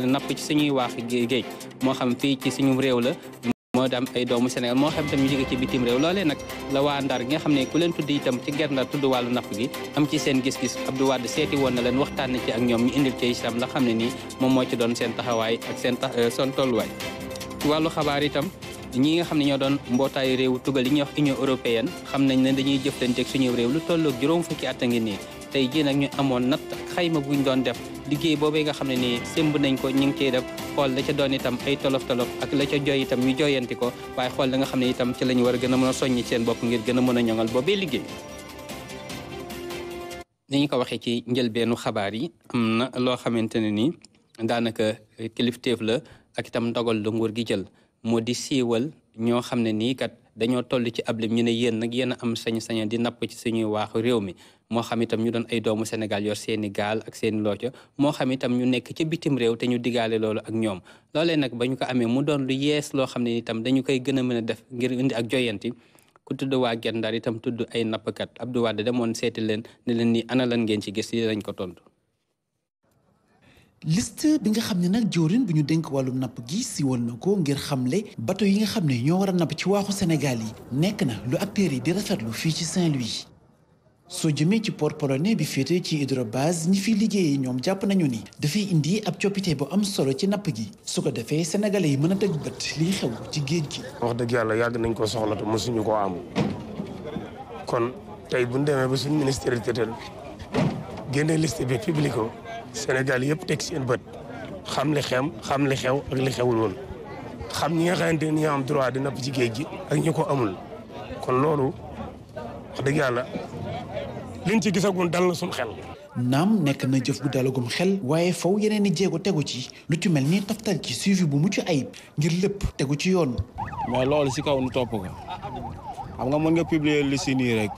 napp ci suñuy waax géej moo xam fii ci suñu réew la moo dem ay doomu Sénégal moo xam tam ñu jóge ci bitim réew loolee nag la waa Ndar nga xam ne ku leen tudd tam ci ger Ndar tudd wàllu napp gi am ci seen gis-gis Abdou Wade seeti woon na leen waxtaan na ci ak ñoom ñu indil ci itam la xam ne nii moom moo ci doon seen taxawaay ak seen euh, seen tolluwaay ci wàllu xabaar tam ñi nga xam ne ñoo doon mbootaayu réew tugal yi ñuy wax Union européenne xam nañ ne dañuy jëflanteeg suñu lu tolloog juróom fukki at tey jii nag ñu amoon natt xayma buñ doon def liggéey boobee nga xam ne ni sémb nañ ko ñu ngi cey def xool la ca doon itam ay tolof tolof ak la ca jooy itam ñu jooyanti ko waaye xool la nga xam ne itam ci la war a gën a mën a soññi seen bopp ngir gën a mën a ñoŋal boobee liggéey ni ñu ko waxee ci njëlbeenu xabaar yi am na loo xamante ne nii daanaka kilifteef la ak itam ndogal lu nguur gi jël moo di siiwal ñoo xam ne nii kat dañoo toll ci ab lim ñu ne yéen nag yéen am sañ-saña di napp ci suñuy waaxu réew mi moo xam itam ñu doon ay doomu Sénégal yor seeni gaal ak seeni looco moo xam itam ñu nekk ci bitim réew te ñu digaale loolu ak ñoom loolee nag ba ñu ko amee mu doon lu yees loo xam ne itam dañu koy gën a mën a def ngir indi ak joyanti ku tudd waa Guet Ndar itam tudd ay nappkat Abdou Wade demoon seeti leen ne leen ni ana lan ngeen ci gis yi lañ ko tontu liste bi nga xam ne nag jëwriñ bu ñu dénk wàllum napp gi siiwal na ko ngir xamle bato yi nga xam ni ñoo war a napp ci waaxu Sénégal yi nekk na lu acteurs yi di rafetlu fii ci Saint-Louis soo jëmee ci port polonais bi féete ci hydrobase ñi fiy liggéeyee ñoom jàpp nañu ni dafay indi ab coppite bu am solo ci napp gi su ko defee sénégalais yi mën a teg bët liy xew ci géej gi. wax dëgg yàlla yàgg nañ koo soxla te mosuñu ko am kon tey bu ñu demee ba suñu ministère bi Sénégal yëpp teg seen bët xam li xem xam li xew ak li xewul woon xam ñi nga xamante ni ñoo am droit di napp ci gi ak ñi ko amul kon loolu wax dëgg yàlla liñ ci gisagun dal na suñu xel. naam nekk na jëf bu dalagum xel waaye faw yeneen i jéego tegu ci lu ci mel ni taftal ci suivi bu mucc ayib ngir lépp tegu ci yoon. mais loolu si kaw nu topp ko xam nga mën nga publier li si nii rek.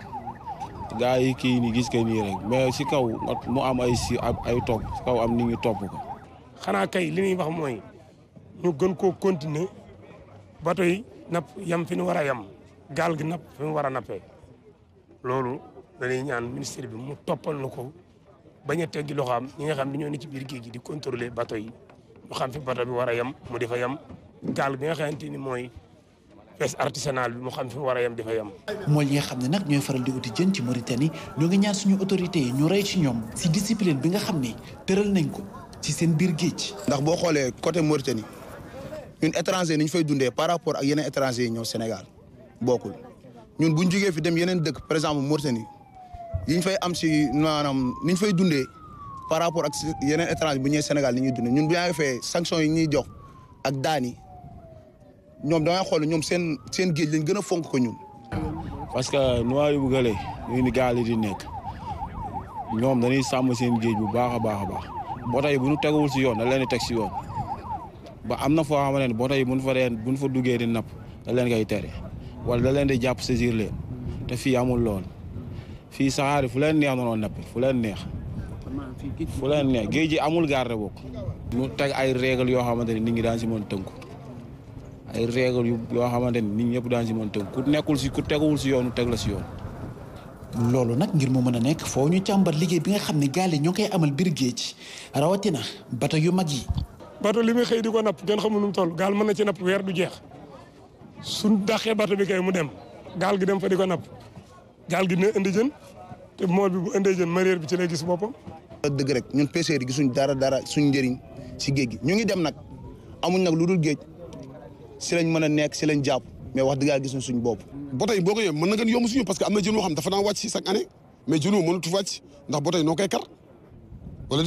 gaa yi kii ni gis ko nii rek mais si kaw mu am ay si ay topp si kaw am ni ñi topp ko. xanaa kay li ñuy wax mooy ñu gën koo continuer bato yi napp yam fi nu war a yam gaal gi napp fi mu war a nappee loolu dañuy ñaan ministère bi mu toppal na ko bañ a gi loxo am ñi nga xam ne ñoo ne ci biir géej gi di contrôler bato yi ñu xam fi bato bi war a yam mu di fa yam gaal bi nga xamante ni mooy. pêche artisanale bi mu xam fi mu war a mool yi xam ne nag ñooy faral di uti jën ci Mauritanie ñoo ngi ñaan suñu autorités yi ñu rey ci ñoom si discipline bi nga xam ne tëral nañ ko ci seen biir géej. ndax boo xoolee côté Mauritanie ñun étranger ni ñu fay dundee par rapport ak yeneen yi ñëw Sénégal bokkul ñun bu ñu jugee fi dem yeneen dëkk par exemple Mauritanie yi ñu fay am si maanaam ni ñu fay dundee par rapport ak yeneen étranger bu ñëwee Sénégal ni ñuy dundee ñun bu ñu fee sanction yi ñuy jox ak daan yi ñoom dangay xool ñoom seen seen géej lañ gën a fonk ko ñun. parce que Nouadhibou gële ñu ni gaal yi di nekk ñoom dañuy sàmm seen géej bu baax a baax a baax bota bu ñu teguwul si yoon da leen di teg si yoon ba am na foo xamante ne bota yi bu ñu fa duggee di napp da leen koy tere wala la leen di jàpp saisir le te fi amul lool fii saxaari fu leen neex noonu napp fu leen neex fu leen neex géej gi amul garde bokk mu teg ay règle yoo xamante ne nit ñi daan si mën tënku ay règle yu yoo xamante ni nit ñëpp daan si mën tënk ku nekkul si ku teguwul si yoonu teg la si yoon. loolu nag ngir mu mën a nekk foo ñu càmbar liggéey bi nga xam ne gaal yi ñoo koy amal biir géej rawatina bato yu mag yi. bato li muy xëy di ko napp ngeen xamul nu mu toll gaal mën na ci napp weer du jeex suñ daxee bato bi kay mu dem gaal gi dem fa di nap napp gaal gi dina indi jën te mool bi bu indee jën mareyeur bi ci lay gis boppam. dëgg rek ñun pêcheurs yi gisuñ dara dara suñ njëriñ si géej gi ñu ngi dem nag amuñ nag lu dul géej. si lañ mën a nekk si lañ jàpp mais wax dëgg yàlla gis na suñu bopp. ba tey boo ko yem mën na gën yomb suñu parce que am na jën yoo xam dafa daan wàcc si chaque année mais jën woo mënatu koy kar wala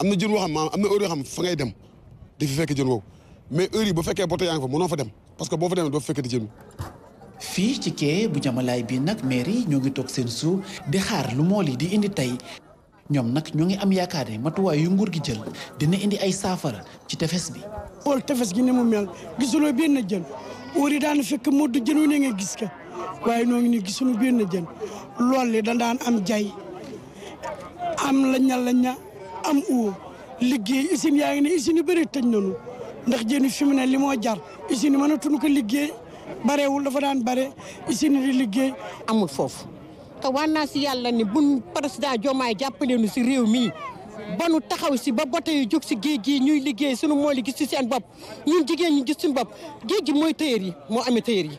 am na jën woo xam maanaam am na heure yoo xam fa ngay dem di fi fekk jën woowu mais heure yi ba fekkee ba tey yaa ngi fa mënoo a dem parce que boo fa demee doo fekkati jën fii ci kee bu jamalaay bii nag mairie ñoo ngi toog seen suuf di xaar lu mool yi di indi tey ñoom nag ñoo ngi am yaakaar ne matuwaay yu nguur gi jël dina indi ay saafara ci tefes bi. xool tefes gi ni mu mel gisuloo benn jën óor yi daan fekk moo du jën wu ne nga gis ka waaye noo ngi nii gisuñu benn jën lool li da daan am jay am la ña la ña am uwo liggéey usine yaa ngi ne usine yu bëri tëj ndax jën fi mu ne li moo jar usine mënatuñu ko liggéey barewul dafa daan bare usine di liggéey. amul foofu. te waan naa si yàlla ni buñ président Diomaye jàppale nu si réew mii ba nu taxaw si ba bote yu si géej gii ñuy liggéey sunu mool yi gis si seen bopp ñun jigéen ñi gis suñu bopp géej gi mooy téyeer yi moo amee téyeer yi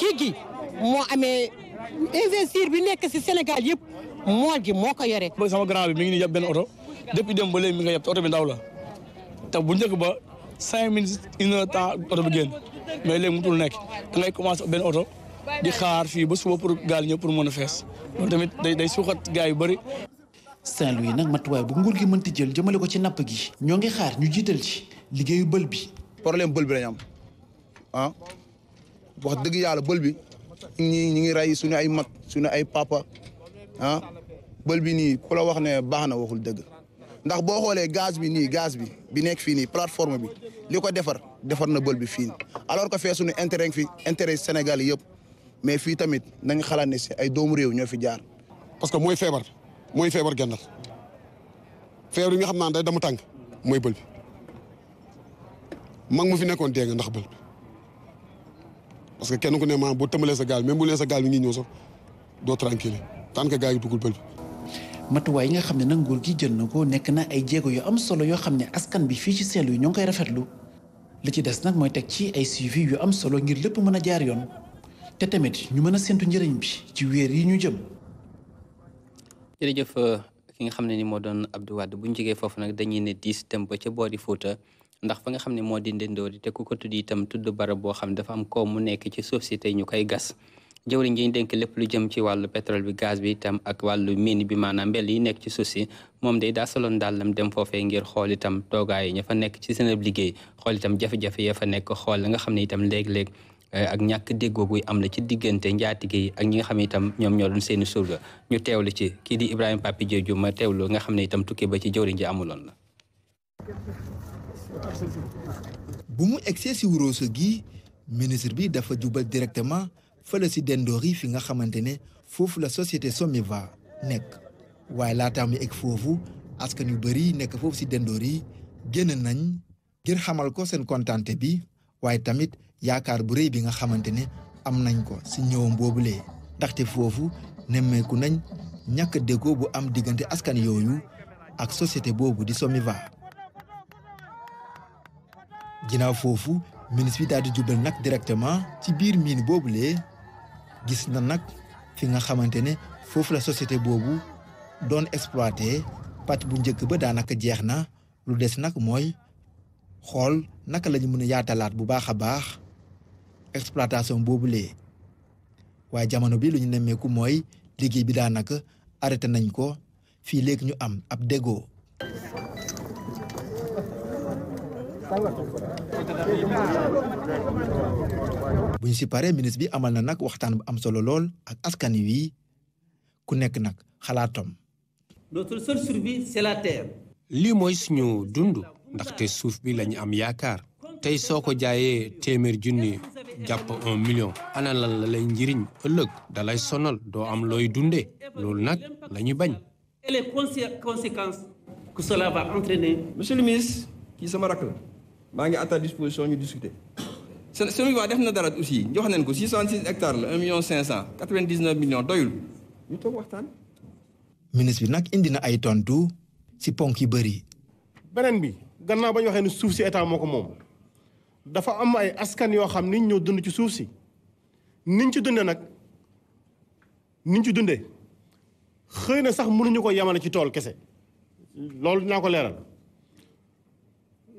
géej gi moo amee investir bi nekk si senegal yëpp mool gi moo ko yore. sama grand bi mi ngi nii yab benn oto depuis dem ba léegi mi nga yab te oto bi ndaw la te bu njëkk ba cinq minutes une temps oto bu génn mais léegi mutul nekk da ngay commencé benn oto. di xaar fii ba suba pour gaal ñëw pour mën a fees tamit day day suuxat gaa yu bari Saint-Louis nag matuwaay bu nguur gi mënti jël jëmale ko ci napp gi. ñoo ngi xaar ñu jiital ci liggéeyu bël bi. problème bël bi lañ am ah dëgg yàlla bël bi ñi ñi ngi rey suñu ay mag suñu ay papa ah bël bi nii ku la wax ne baax na waxul dëgg ndax boo xoolee gaz bi nii gaz bi bi nekk fii nii plateforme bi li ko defar defar na bël bi fii alors que fee suñu intérêt fi intérêt Sénégal yëpp. mais fii tamit nañ xalaat ne si ay doomu réew ñoo fi jaar. parce que mooy feebar mooy feebar genn feebar yi nga xam naa day damu tànk mooy bël bi mag mu fi nekkoon dee nga ndax bël bi parce que kenn ku ne maanaam boo tëmbalee sa gaal bu leen sa gaal mi ngi ñëw sax doo tranquille tant que gaal yi duggul bël matuwaay yi nga xam ne nag nguur gi jël na ko nekk na ay jéego yu am solo yoo xam ne askan bi fii ci Saint-Louis ñoo ngi koy lu li ci des nag mooy teg ci ay suivi yu am solo ngir lépp mën a jaar yoon. te tamit ñu mën a séntu njëriñ bi ci weer yi ñu jëm. jërëjëf euh, ki nga xam ne ni moo doon Abdou bu ñu jógee foofu nag dañuy ne diis dem ba ca boori Fouta ndax fa nga xam ne moo di Ndendoori te ku ko tudd itam tudd barab boo xam dafa am koom mu nekk ci suuf si tey ñu koy gas. jëwriñ ji ñu dénk lépp lu jëm ci wàllu pétrole bi gaz bi itam ak wàllu mine bi maanaam mbel yi nekk ci suuf si moom day daa soloon dàllam dem foofee ngir xool itam toogaay ña fa nekk ci seen liggéey xool itam jafe-jafe ya fa nekk xool la nga xam ne itam léeg-léeg Eh, ak ñàkk déggoo buy am la ci diggante njaatige yi ak ñi nga xam itam ñoom ñoo doon seeni surga ñu teewlu ci kii di Ibrahima Papi Diédhiou ma teewlu nga xam ne itam tukki ba ci jëwriñ ji amuloon la bu mu egsee si Wuroso gi ministre bi dafa jubal directement fële si dendoor yi fi nga xamante ne foofu la société Sommiva nekk waaye laataa mu egg foofu askan yu bëri nekk foofu si dendoor yi génn nañ ngir xamal ko seen kontante bi waaye tamit yaakaar bu rëy bi nga xamante ne am nañ ko si ñëwam boobulee ndaxte foofu nemmeeku nañ ñàkk déggoo bu am diggante askan yooyu ak société boobu di SOMIVA ginnaaw foofu ministre bi daal di jubal nag directement ci biir miin boobulee gis na nag fi nga xamante ne foofu la société boobu doon exploité pàcc bu njëkk ba daanaka jeex na lu des nag mooy xool naka lañu mën a yaatalaat bu baax a baax exploitation boobulee waaye jamono bi lu ñu nemmeeku mooy liggéey bi daanaka arrêté nañ ko fii léegi ñu am ab déggoo bu ñu si paree ministre bi amal na nag waxtaan bu am solo lool ak askani wii ku nekk nag xalaatam. notre lii mooy suñu dund. ndaxte suuf bi lañu am yaakaar tey soo ko jaayee téeméer junni jàpp un million ana lan la lay njëriñ ëllëg dalay sonal doo am looy dunde loolu nag la bañ. et les conséquences que cela va kii sama rakk la maa ngi à ta disposition ñu discuter. Senviva def na dara aussi jox nañ ko 66 hectares la 1 million 500 99 millions doyul ñu toog waxtaan. ministre bi nag indi na ay tontu ci ponk yu bëri. beneen bi. ganna bañ waxé ni souf ci état moko mom dafa am ay askan yo xam ni ñoo dund ci souf ci niñ ci dundé nak niñ ci dundé xeyna sax mënu ñuko yamal ci tol kese lolou dinaa ko léral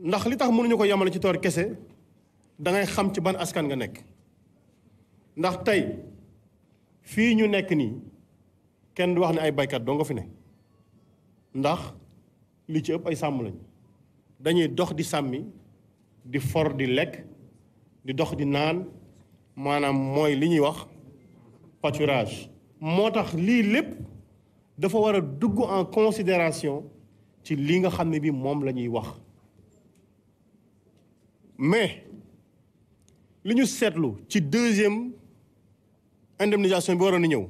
ndax li tax mënu ñuko yamal ci kese da ngay xam ci ban askan nga nek ndax tay fi ñu nek ni kenn du wax ni ay baykat do nga fi nek ndax li ci ëpp ay sam lañu dañuy dox di sàmmi di for di lekk di dox di naan maanaam mooy li ñuy wax pâturage moo tax lii lépp dafa war a dugg en considération ci li nga xam ne bi moom la ñuy wax mais li ñu seetlu ci deuxième indemnisation bi waroon na ñëw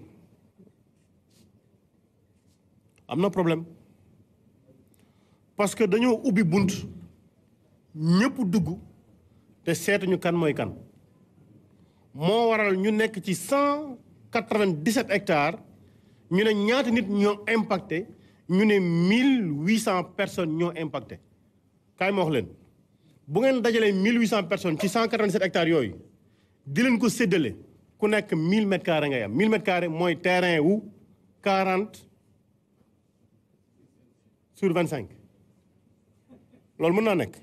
am na problème parce que dañu sommes bunt ñepp duggu té sétu kan moy kan. Mo waral ñu nekk ci 197 hectares nous né ñaata nit ñoo impacté nous né 1800 personnes ñoo impacté. Kay mo 1800 personnes ci 197 hectares yoy di 1000 mètres carrés 1000 mètres carrés moy terrain wu 40 sur 25 loolu mën naa nekk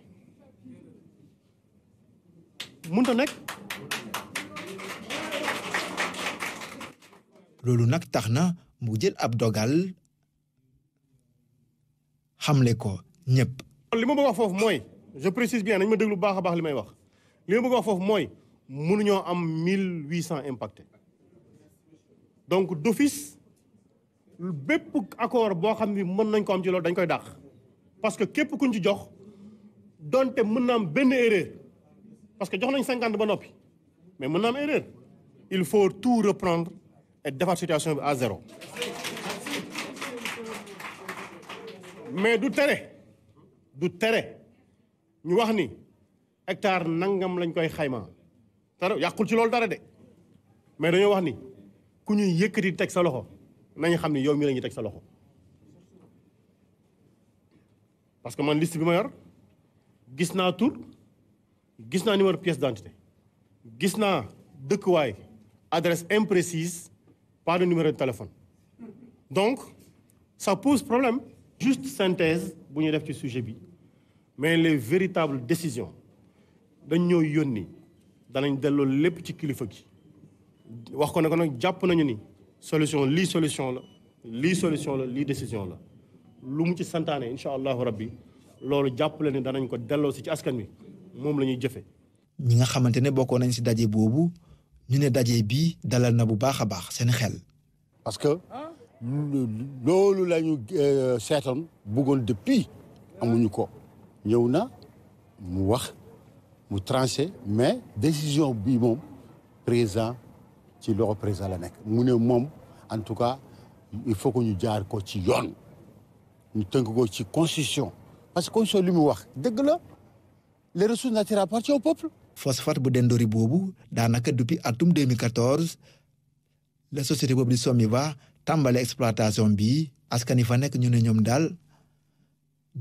mënta nekk. loolu nag tax na mu jël ab dogal xamle ko ñëpp. li ma bëgg wax foofu mooy je précise bien nañ ma déglu baax a baax li may wax li ma bëgg wax foofu mooy mënuñoo am 1800 impacté donc d'office bépp accord boo xam ni mën nañ ko am ci loolu dañ koy dàq parce que képp kuñ ci jox. donte mën naa am benn erreur parce que jox nañ cinquante ba noppi mais mën naa am erreur il faut tout reprendre et defar situation bi à zéro mais du tere du tere ñu wax ni hectare nangam lañ koy xayma dara yàqul ci loolu dara de mais dañoo wax ni ku ñuy yëkkati teg sa loxo nañu xam ni yow mii la teg sa loxo parce que man liste bi ma yor. gis naa tur numéro pièce d'identité gis naa dëkkuwaay adresse imprécise par le numéro de téléphone donc ça pose problème juste synthèse pour ñu def sujet mais les véritables décisions dañ yoni yónni danañ delloo lépp ci kilifa gi wax ko solution lii solution la solution la lii décision la lu mu ko ci askan nañ ñu ne dalal na bu parce que loolu la ñu euh, seetoon bëggoon depuis amuñu ko ñëw mu wax mu tranché mais décision bi moom président ci loxo président la nekk mu ne en tout cas il faut que ñu jaar ko ci yoon ñu tënk ko ci constitution. parce que constitution limu wax deug la les ressources naturelles appartiennent au peuple. phosphate bu dendori bobu danaka depuis atum 2014 la société bobu di va tàmbale exploitation bi askani fa nek ñu ne ñoom daal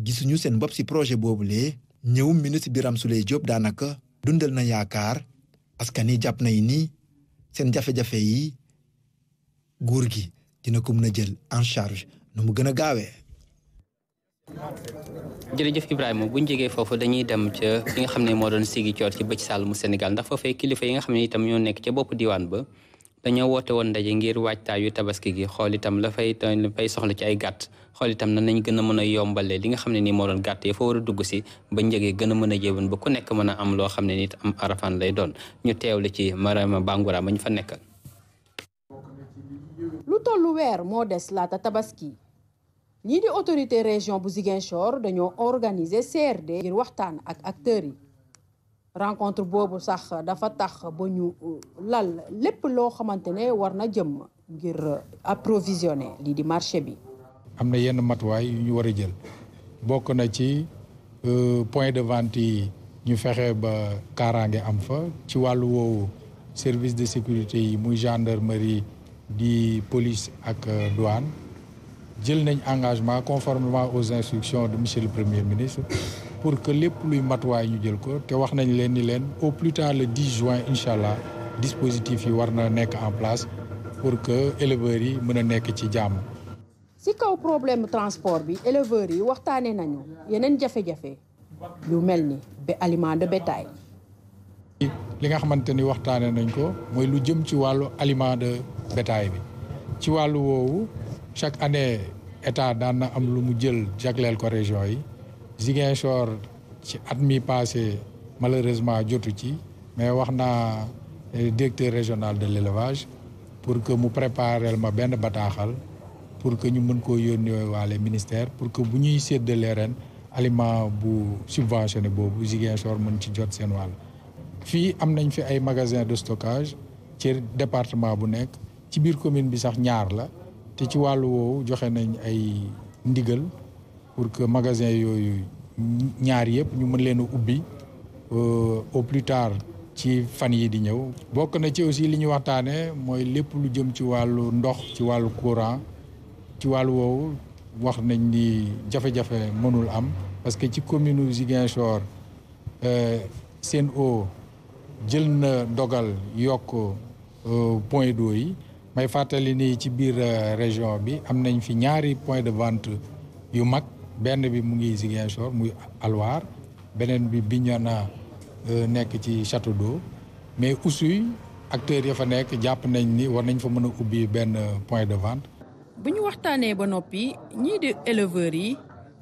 gisuñu seen bopp si projet boobu lee ñëw ministre Birame Souleye job danaka dundal na yaakaar askani japp jàpp nañ ni seen jafé yi nguur dina ko mëna jël en charge numu gëna gaawé jërëjëf Ibrahima bu ñu jógee foofu dañuy dem ca nga xam ne moo doon sigi coor ci bëj sàll mu Sénégal ndax foofee kilifa yi nga xam ne itam ñoo nekk ca bopp diwaan ba dañoo woote woon ndaje ngir waajtaayu tabaski gi xool itam la fay la fay soxla ci ay gàtt xool itam na nañ gën a mën a yombale li nga xam ne nii moo doon gàtt yi fa war dugg si ba njëgee gën a mën a jéban ba ku nekk mën a am loo xam ne nit am arafaan lay doon ñu teewle ci Marama Bangoura ma ñu fa nekkal ni di autorité région bu Ziguinchor dañoo organiser CRD ngir waxtaan ak acteurs yi rencontre bobu sax dafa tax ba ñu euh, lal lepp lo xamantene ne war na jëm ngir euh, approvisionner li di marché bi. amna yenn matuwaay yu ñu wara jël bokk na ci euh, point de vente yi ñu fexé ba karangé am fa ci walu woowu service de sécurité yi muy gendarmerie di police ak douane jël nañ engagement conformément aux instructions de monsieur le premier ministre pour que lépp luy matuwaay ñu jël ko te wax nañ leen ni leen au plus tard le 10 juin inshallah, dispositif yi war na nekk en place pour que éleveurs yi mën a nekk ci jàmm. si kaw problème transport bi éleveurs yi waxtaanee nañu yeneen jafe-jafe lu mel ni ba aliment de bétail. li nga xamante ni waxtaanee nañ ko mooy lu jëm ci wàllu aliment de bétail bi ci wàllu woowu chaque année état dana am lu mu jël jaglel ko région yi Ziguinchor ci at mi passé malheureusement jotu ci mais waxna naa eh, directeur régional de l'élevage pour que mu préparel ma benn bataxal pour que ñu mën koo yónnee waale ministère pour que bu ñuy de ren aliment bu subventionné boobu Ziguinchor mën ci jot sen wal fi am nañ fi ay magasin de stockage ci département bu nek ci biir commune bi sax ñaar la. te ci wàllu woowu joxe nañ ay ndigal pour que magasin yooyu ñaar yëpp ñu mën leen a ubbi euh, au plus tard ci fan yi di ñëw. bokk na ci aussi li ñu waxtaanee mooy lépp lu jëm ci wàllu ndox ci wàllu courant ci wàllu woowu wax nañ ni jafe-jafe mënul am parce que ci commune Ziguinchor euh, Sen'Eau jël na dogal yokk euh, point d'eau yi. may fàttali nii ci biir euh, région bi am nañ fi ñaari point de vente yu mag benn bi mu ngi Ziguinchor muy Alwar beneen bi Bignona euh, nekk ci Château d'Eau mais aussi acteurs ya fa nekk jàpp nañ ni war nañ fa mën a ubbi benn euh, point de vente. bu ñu waxtaanee ba noppi ñii di éleveurs yi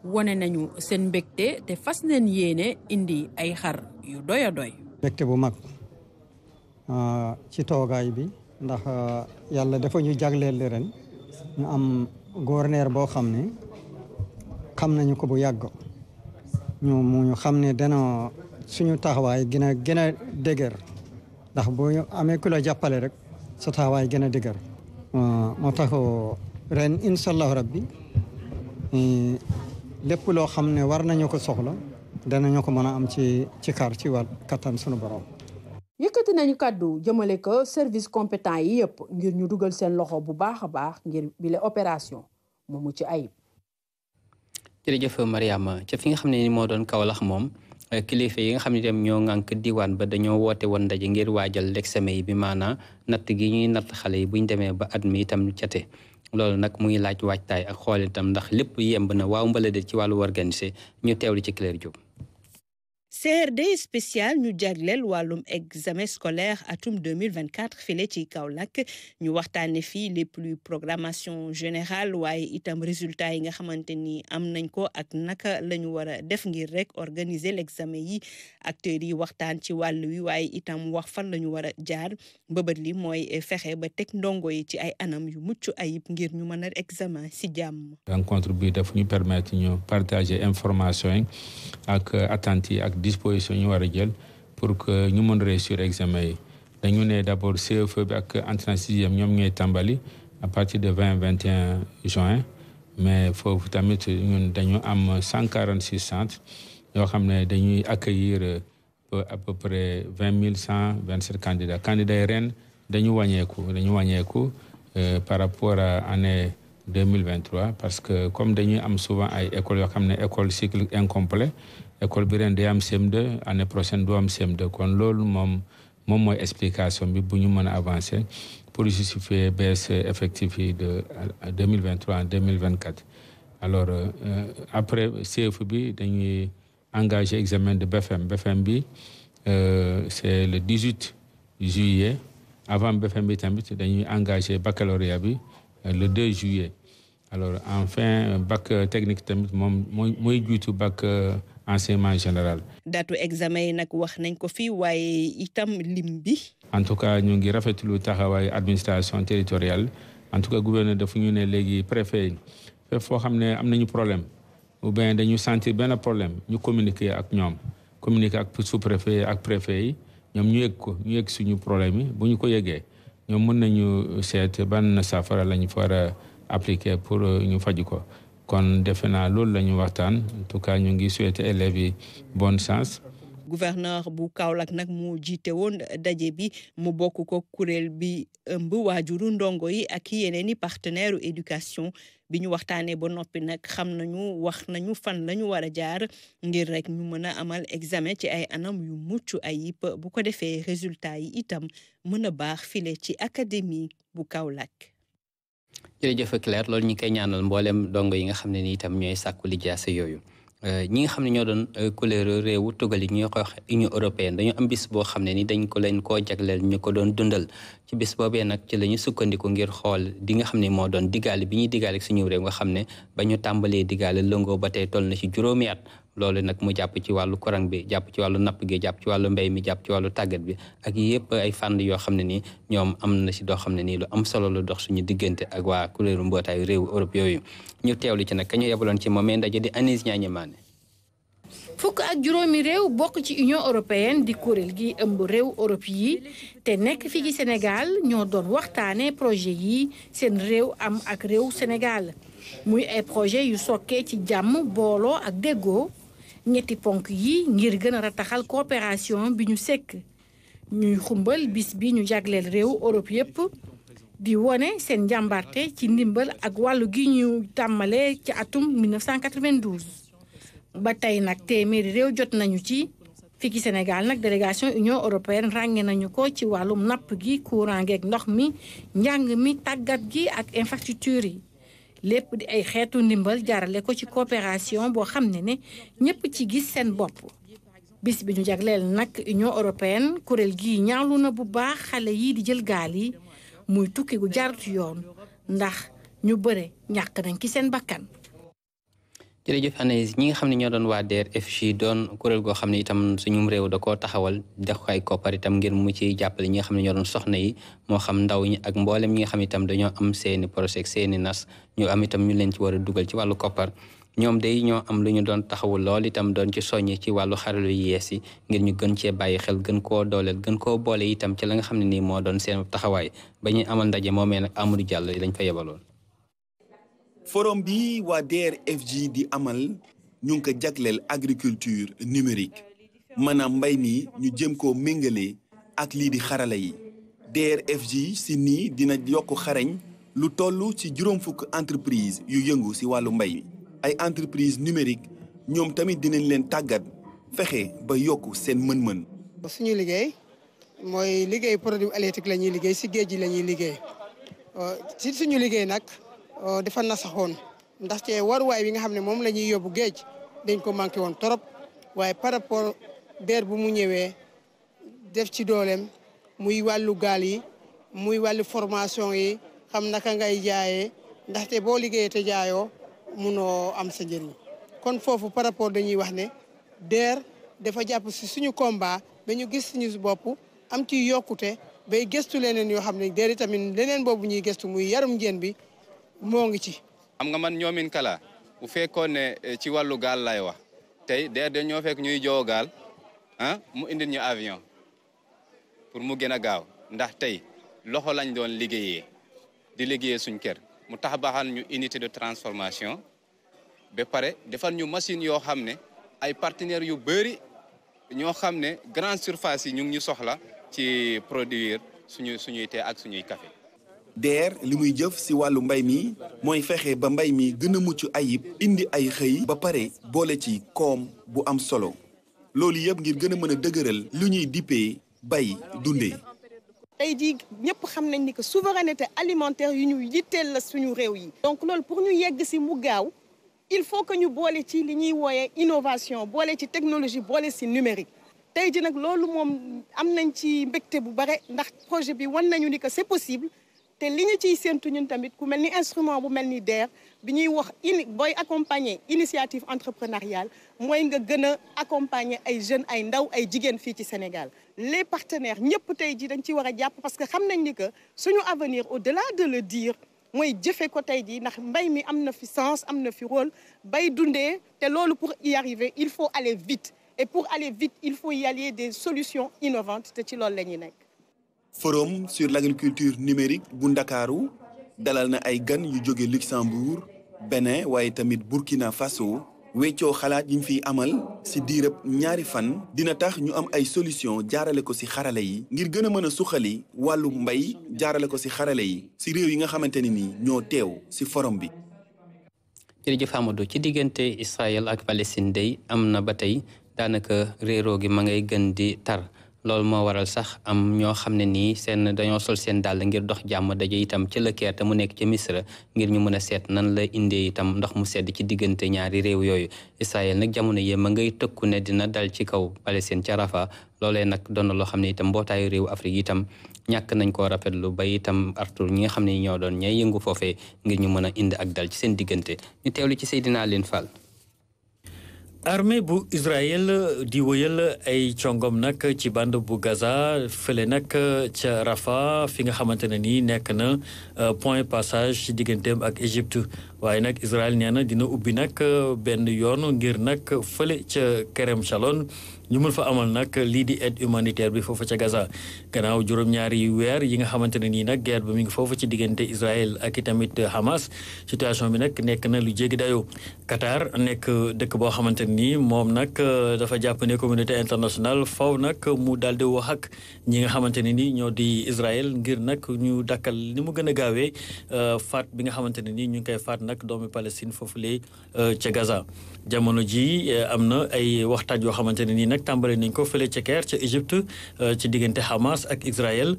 wane nañu seen mbégte te fas neen yéene indi ay xar yu doy a doy. mbégte bu mag ci toogaay bi. ndax euh, yàlla dafa ñu jagleel li ren ñu am gouverneur boo xam ne xam nañu ko bu yàgg ñu mu ñu xam ne dana suñu taxawaay gën a gën a dëgër ndax bu amee ku la jàppale rek sa taxawaay gën a dëgër euh, moo tax euh, ren incha allahu rabbi lépp loo xam ne war nañu ko soxla danañu ko mën a am ci ci kar ci wàll kattan sunu borom yëkkati nañu kaddu jëmale ko service compétent yi yëpp ngir ñu duggal seen loxo bu baax a baax ngir bile opération mu mucc ayib. jërëjëf Mariama ca fi nga xam ne ni moo doon kawlax moom eh, kilifa yi nga xam ne dem ñoo ŋànk diwaan ba dañoo woote woon ndaje ngir waajal l'examen yi bi maanaa natt gi ñuy natt xale yi ñu demee ba at mi itam cate loolu nag mu laaj waajtaay ak ndax lépp yemb na waaw ci wàllu organiser ñu teewlu ci jub CRD spécial ñu jagleel walum examen scolaire atum 2024 file ci Kaolack ñu waxtaane fi les plus programmation générale way itam résultat yi nga xamante am nañ ko ak naka lañu wara def ngir rek organiser l'examen yi acteurs yi waxtaan ci walu wi way itam wax fan lañu wara jaar mbëbët li moy fexé ba tek ndongo yi ci ay anam yu muccu ayib ngir ñu mëna a examen ci jàmm. rencontre bi daf ñu permettre ñu partager information ak attentes ak disposition yi pour que nous mën réussir sur examen avons dañu ne d' abord CFE bi ak entrant sixième à partir du 20-21 juin mais foofu tamit ñun dañu am 146 centres nous avons accueilli euh, à peu près 20127 candidats candidats Les candidats dañu les dañu wàññeeku euh, par rapport à année 2023 parce que comme dañuy am souvent ay écoles yo xamné école cycle incomplet école bi rendé am CM2 année prochaine do am CM2 kon lool mom, mom moy explication bi nous ñu avancer pour justifier baisse effectif de 2023 2024 alors euh, après CFE bi dañuy engagé examen de BFM BFM bi euh, c'est le 18 juillet avant BFM bi tamit dañuy engagé baccalauréat bi euh, le 2 juillet alors enfin bac euh, technique tamit moi, mooy mooy jiitu bac euh, enseignement général. datu examen yi nag wax nañ en tout cas nous fait ngi le travail administration territoriale en tout cas le gouverneur de ñu le préfet il fépp foo des problèmes. am problème ou bien nous sentons benn problème ñu avec nous. Communiquons avec ak sous préfet le préfet Nous ñoom ñu yëg nous avons yëg problème ñoom mën nañu seet ban saafara lañ fa war a appliquer pour ñu faj ko kon defe naa loolu la ñu waxtaan en tout cas ñu ngi souhaiter élèves yi bonne chance. gouverneur bu Kaolack nag mu jiite woon daje bi mu bokk ko kuréel bi ëmb waajuru ndongo yi ak yeneen i partenaire éducation bi ñu waxtaanee ba noppi nag xam nañu wax nañu fan lañu ñu war a jaar ngir rek ñu mën a amal examen ci ay anam yu mucc ayib bu ko defee résultat yi itam mën a baax file ci académie bu kaw Kaolack. jërëjëf Claire loolu ñu koy ñaanal mboolem dongo yi nga xam ne ni itam ñooy sàkku lijaasa yooyu. Euh, ñi nga xam ne ñoo doon euh, couleur réewu tugal yi ñuy wax union européenne dañu am bis boo xam ne ni dañ ko leen koo jagleel ñu ko doon dundal ci bis boobee nag ci la ñu sukkandiku ngir xool di nga xam ne moo doon digaale bi ñuy digaale si suñu réew nga xam ne ba ñu tàmbalee digaale lëngoo ba tey toll na ci juróomi at loolu nag mu jàpp ci wàllu courant bi jàpp ci wàllu napp gi jàpp ci wàllu mbéy mi jàpp ci wàllu tàggat bi ak yëpp ay fànn yoo xam ne nii ñoom am na si doo xam ne nii lu am solo lu dox suñu diggante ak waa kuréelu mbootaayu réew Europe yooyu ñu teew lu ci nag ka ñu yebaloon ci moom ndaje di Anis Ñaañe fukk ak juróomi réew bokk ci union européenne di kuréel gi ëmb réew Europe yi te nekk fii ci Sénégal ñoo doon waxtaane projet yi seen réew am ak réew Sénégal muy projet yu sokkee ci jàmm booloo ak déggoo ñetti ponk yi ngir gën a rataxal coopération bi ñu sekk ñuy xumbal bis bi ñu jagleel réew Europe yépp di wone seen njàmbarte ci ndimbal ak wàllu gi ñu tàmmalee ci atum 1992 ba tey nag téeméeri réew jot nañu ci fii ci Sénégal nag délégation Union européenne ràññee nañu ko ci wàllum napp gi courant geeg ndox mi njàng mi tàggat gi ak infrastructure yi lépp di ay xeetu ndimbal jaarale ko ci coopération boo xam ne ne ñëpp ci gis seen bopp bis bi ñu jagleel nag Union européenne kuréel gii ñaawlu na bu baax xale yii di jël gaal yi muy tukki gu jaarut yoon ndax ñu bëre ñàkk nañ ci seen bakkan jërëjëf Anaïs ñi nga xam ne ñoo doon waa DER/FJ doon kuréel goo xam ne itam suñum réew da koo taxawal def ay koppar itam ngir mu ci jàppale nga xam ne ñoo doon soxna yi moo xam ndaw ñi ak mboolem ñi nga xam ne itam dañoo am seeni projet seeni nas ñu am itam ñu leen ci war a dugal ci wàllu koppar ñoom day ñoo am lu ñu doon taxawu lool itam doon ci soññi ci wàllu xaralu yu yees yi ngir ñu gën cee bàyyi xel gën koo dooleel gën koo boole itam ci la nga xam ne nii moo doon seen taxawaay ba ñuy amal ndaje moomee nag Amadou jàll lañ fa yebaloon forum bi waa DRFG di amal ñu ngi ko jagleel agriculture numérique maanaam mbay mi ñu jëm koo méngale ak lii di xarala yi DRFG si nii dina yokk xarañ lu toll ci juróom fukk entreprise yu yëngu si wàllu mbay mi ay entreprise numérique ñoom tamit dinañ leen tàggat fexe ba yokk seen mën-mën suñu liggéey mooy liggéey produit halieutique la ñuy liggéey si géej gi la ñuy liggéey euh, si suñu liggéey nag Euh, dafa nasaxoon ndaxte waruwaay bi nga xam ne moom la ñuy yóbbu géej dañ ko manqué woon trop waaye par rapport DER bu mu ñëwee def ci dooleem muy wàllu gaal yi muy wàllu formation yi xam naka ngay jaayee ndaxte boo liggéeyee te jaayoo noo am sa njëriñ kon foofu par rapport dañuy wax ne DER dafa jàpp si suñu komba ba ñu gis suñu bopp am ci yokkute ba gëstu leneen yoo xam ne DER tamit leneen boobu ñuy gëstu muy yarum njéen bi moo ngi ci. xam nga man ñoomin kala bu fekkoon ne eh, ci wàllu gaal lay wax tey DRD ñoo fekk ñuy jowo gaal ah mu indi ñu avion pour mu gën a gaaw ndax tey loxo lañ doon liggéeye di liggéeyee suñ kër mu tax baaxal ñu unité de transformation ba pare ñu machine yoo xam ne ay partenaires yu bëri ñoo xam ne grande surface yi ñu ngi ñu soxla ci produire suñu suñuy tee ak suñuy café DER li muy jëf si wàllu mbay mi mooy fexe ba mbay mi gën a mucc indi ay xey ba pare bolé ci koom bu am solo loolu yeb ngir gëna mëna dëgeural a lu ñuy bay dundé tey ñëpp xam nañ ni que souveraineté alimentaire yu ñu yitteel la suñu réew yi. donc loolu pour ñu yegg ci mu gaaw il faut que ñu bolé ci li ñuy innovation bolé ci technologie bolé ci numérique. tey jii nag loolu mom am nañ ci mbégte bu bare ndax projet bi won nañu ni que c'est possible té li ci sentu ñun tamit ku melni instrument bu melni DER bi ñuy wax accompagner initiative entrepreneuriale moy nga gëna accompagner ay jeunes ay ndaw ay qui fi ci Sénégal les partenaires ñëpp tay ji dañ ci wara a parce que xam nañ ni que suñu avenir au-delà de le dire moy jëfé ko tay ji ndax mbay mi amna fi sens amna fi rôle bay dundé té lolu pour y arriver il faut aller vite et pour aller vite il faut y allier des solutions innovantes té ci lolu lañuy ñuy forum sur l'agriculture numérique bu ndakaaru dalal na ay gan yu jóge Luxembourg Bénin waaye tamit Burkina Faso weccoo xalaat yi ñu fiy amal ci diirab ñaari fan dina tax ñu am ay solution jaarale ko ci xarale yi ngir gën a mën a suxali wàllu mbay jaarale ko ci xarale yi ci réew yi nga xamante ni nii ñoo teew ci forum bi jërëjëf Amadou ci diggante Israël ak Palestine day am na ba tey daanaka réeroo gi ma ngay gën di tar loolu moo waral sax am ñoo xam ne nii seen dañoo sol seen dàll ngir dox jàmm daje itam ci la Caire te mu nekk ci Misra ngir ñu mën a seet nan la indee itam ndox mu sedd ci diggante ñaari réew yooyu Israël nag jamono yee ma ngay tëkku ne dina dal ci kaw Palestine ca Rafa loolee nag doon na loo xam ne itam mbootaayu réew Afrique itam ñàkk nañ koo rafetlu ba itam artur ñi nga xam ne ñoo doon ñay yëngu foofee ngir ñu mën a indi ak dal ci seen diggante ñu teewlu ci Seydina Aline Fall armée bu Israël di wëyal ay congom nag ci band bu Gaza fële nag ca Rafa fi nga xamante ne nii nekk na euh, point passage ci digganteem ak Égypte waaye nag israel nee na dina ubbi nag benn yoon ngir nag fële ca Kerem shalon ñu mën fa amal nag lii di aide humanitaire bi foofa ca Gaza gannaaw juróom-ñaari weer yi nga xamante ne nii nag guerre bi mi ngi foofa ci diggante israel ak tamit Hamas situation bi nag nekk na lu jéggi dayo Qatar nekk dëkk boo xamante ne nii moom nag dafa jàpp ne communauté internationale faw nag mu daal di wax ak ñi nga xamante ne nii ñoo di israel ngir nag ñu dakkal ni mu gën a gaawee eh, faat bi nga xamante ne nii ñu ngi koy faat. nag doomi Palestine foofu lee euh, ca Gaza jamono ji euh, am na ay waxtaan yoo xamante ne nii nag tàmbale nañ ko fële ca Caire ca Égypte euh, ci diggante Hamas ak Israël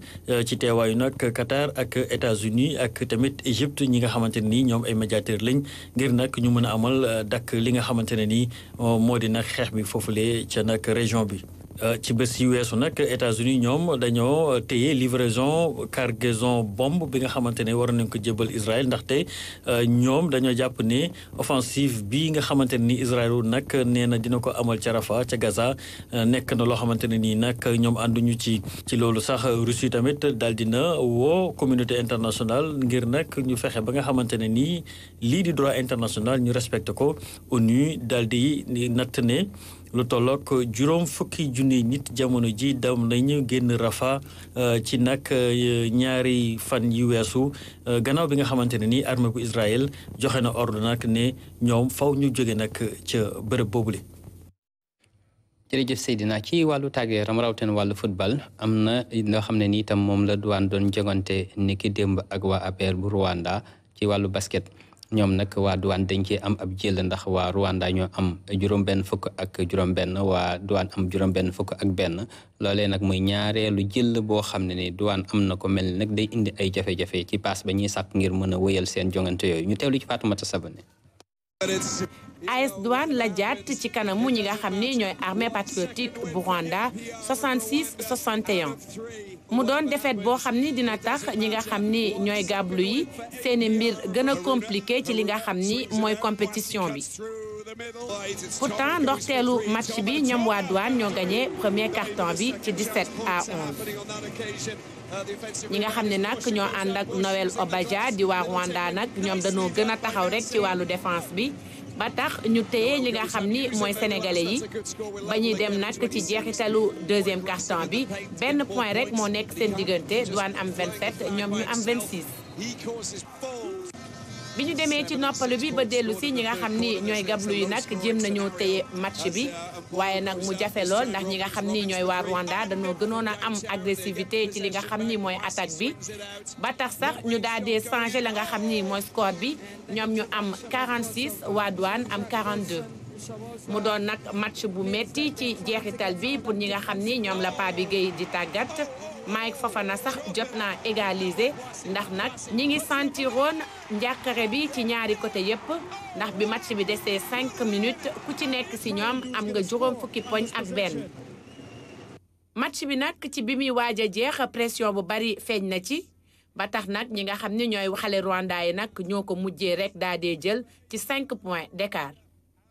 ci teewaayu nag Qatar ak États-Unis ak tamit Égypte ñi nga xamante ne nii ñoom ay médiateur lañ ngir nag ñu mën a amal dakk li nga xamante ne nii moo di nag xeex bi foofu lee ca nag région bi. Euh, ci bés yu weesu nag États-Unis ñoom dañoo téye livraison cargaison bombe bi nga xamante ne war nañ ko jébal Israël ndaxte euh, ñoom dañoo jàpp ne offensive bi nga xamante ne ni Israël nag nee na dina ko amal ca Rafa ca Gaza euh, nekk na loo xamante ne nii nag ñoom ànduñu ci ci loolu sax Russie tamit daal dina woo communauté internationale ngir nag ñu fexe ba nga xamante ne nii lii di droit international ñu respecte ko ONU daal di natt ne lu tollook juróom fukki junni nit jamono ji dem nañu génn Rafa euh, ci nag euh, ñaari fan yu weesu euh, gannaaw bi nga xamante ne ni armée bu Israël joxe na ordre nag ne ñoom faw ñu jóge nag ca bërëb boobu boobule. jërëjëf Seydina ci wàllu tàggee yaram rawatina wàllu football am na loo xam ne ni itam moom la duwaan doon jogante niki démb ak waa APR bu Rwanda ci wàllu basket. ñoom nag waa duwaan dañ cee am ab jël ndax waa Rwanda ñoo am juróom-benn fukk ak juróom-benn waa douane am juróom-benn fukk ak benn loolee nag muy ñaareelu jël boo xam ne ni duwaan am na ko mel ni nag day indi ay jafe-jafe ci paas ba ñuy sàkk ngir mën a wëyal seen jongante yooyu ñu teewlu ci Fatoumata Sabane AS Douane la jaat ci kanamu ñi nga xamni ñoy armée patriotique bu Rwanda 66 61 mu doon défaite bo xamni dina tax ñi nga xamni ñoy gablu yi mbir compliqué ci li nga xamni moy compétition bi. pourtant ndoxteelu match bi ñoom wa Douane ñoo gagné premier carton bi ci 17 à 11. ñi nga xam ne nag ñoo ànd ak Noël Obadia di waa Rwanda nag ñoom dañoo gën a taxaw rek ci wàllu défense bi ba tax ñu téye li nga xam ni mooy sénégalais yi ba ñuy dem nag ci jeexitalu deuxième carton bi benn point rek moo nekk seen diggante douane am 27 ñoom ñu am vingt 26. bi ñu demee ci noppalu bi ba dellu si ñi nga xam ni ñooy gablu yi nag jéem nañoo tey match bi waaye nag mu jafe lool ndax ñi nga xam ni ñooy waar Rwanda dañoo gënoon a am agressivité ci li nga xam ni mooy attaque bi ba tax sax ñu daal di changer la nga xam ni mooy score bi ñoom ñu am 46 waa douane am 42. mu doon nag match bu metti ci jeexital bi pour ñi nga xam ni ñoom la Pape géey di tàggat Mike na sax jot naa égalise ndax nag ñi ngi sentiroon njàqare bi ci ñaari côté yépp ndax bi match bi desee cinq minutes ku ci nekk ci ñoom am nga juróom fukki ak benn match bi nag ci bi muy waaj a jeex pression bu bari feeñ na ci ba tax nag ñi nga xam ne ñooy waxale Rwanda yi nag ñoo ko mujjee rek daa jël ci 5 points d'écart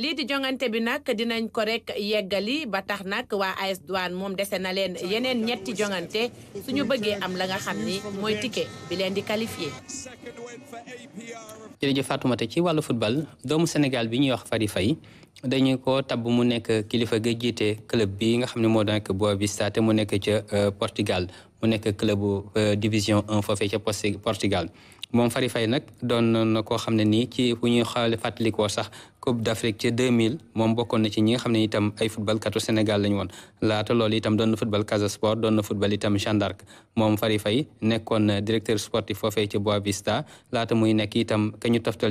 lii di jongante bi nag dinañ ko rek yeggali ba tax nag waa AS Douane moom dese na leen yeneen ñetti jongante suñu bëggee am la nga xam ni mooy ticket bi leen di qualifié. jërëjëf Fatoumata ci wàll football doomu senegal bi ñuy wax Fary fay dañu ko tab mu nekk kilifa ga jiite club bi nga xam ne moo nekk Boavista te mu nekk ca euh, Portugal mu nekk club euh, division 1 foofee ca Portugal. moom Fary Faye nag doon na koo xam ne nii ci bu ñuy xaale fàttalikoo sax Coupe d'Afrique ci 2000 moom bokkoon na ci ñi nga xam itam ay football katu Sénégal lañu laata loolu itam doon football Casa Sport doon football itam Jeanne d'Arc moom Fary Faye nekkoon directeur sportif foofee ci Boavista laata muy nekk itam ka ñu